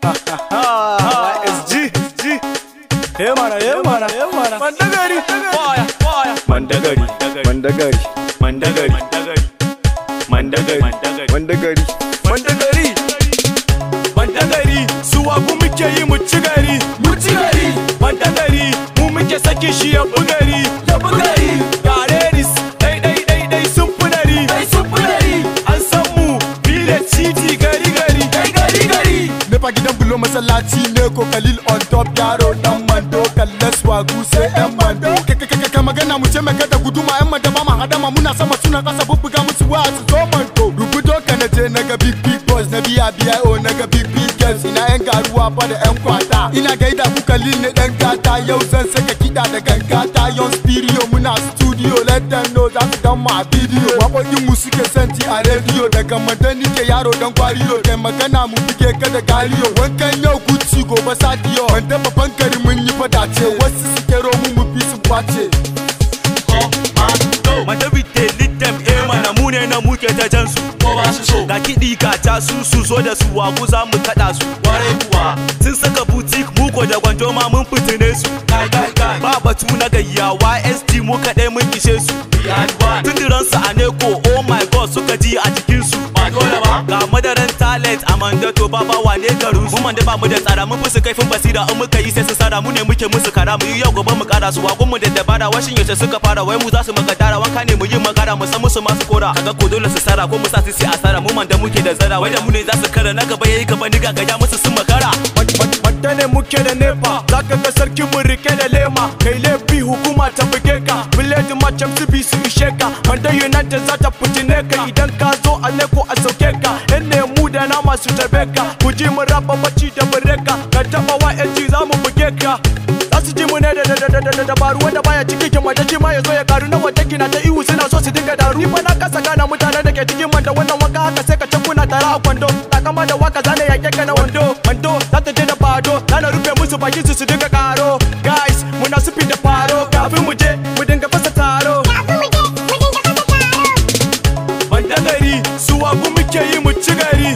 Mandagari Mandagari Mandagari Mandagari Mandagari Mandagari Mandagari Suwa ku muke yi mu ci gari mu ci gari mu muke saki shi ya buga masallaci ne ko kalil on top yaro dan mando kalle swagu sai yan mando kaka magana mu ce mai da guduma yan mada ba ma hadama muna sama suna kasa bubbuga musu wa su zo mando rubuto kana na je na ga big big boys na biya biya o na ga big big girls ina yan garuwa fa da yan kwata ina gaida ku kalil ne dan gata yau zan saka kida da gangata yon stereo muna stu bidiyo laddan no za su dan ma bidiyo makokin mu suke santi a rediyo daga madani ke yaro dan kwariyo da magana mu buge kada galiyo wankan yau guci gobe sadiyo ban taba bankari mun yi fadace wasu su kero mu bi su kwace na mu ne na muke ta su ga kiɗi ga ta su su zo da su wagu za mu kaɗa su kuwa sun saka butik muko da gwanjo ma mun fitine su ba batu na gayyawa mu kaɗai mun kishe su tunduransu a neko oh my god suka ji a jikinsu ga madaran talent a mandato baba wane garu mu manda ba mu da tsara mun fi su kaifin basira in muka yi sai su sara mu ne muke musu kara mu yi yau gobe mu kara su wagon mu da dabara washin yace suka fara wai mu za su maka dara wanka ne mu yi magara mu san musu masu kora kaga ko dole su sara ko mu sa su sai asara mu manda muke da zara wai da mu ne za su kara na gaba yayi gaba ni ga ya musu sun makara Wata ne muke da za zaka ga sarkin mu rike da lema kai lefa champs bi su sheka ka united za ta ne ka idan ka zo a leko a sauke ka yan mu da nama su tarbe ka ku ji mu raba bacci da ka taba wa yanci za mu buge ka za su ji mu ne da dabaru wanda baya cikin kin wanda ma ya zo ya karu na wata gina ta ihu suna so su dinga daru ni fa na kasa gana mutanen da ke cikin man da wannan waka haka sai ka ce kuna tara a kwando takama da waka zane ya ka na wando wando za ta je da za na rufe musu bakin su su dinga karo guys muna fi da faro kafin mu je tuwagumikiye mu kigali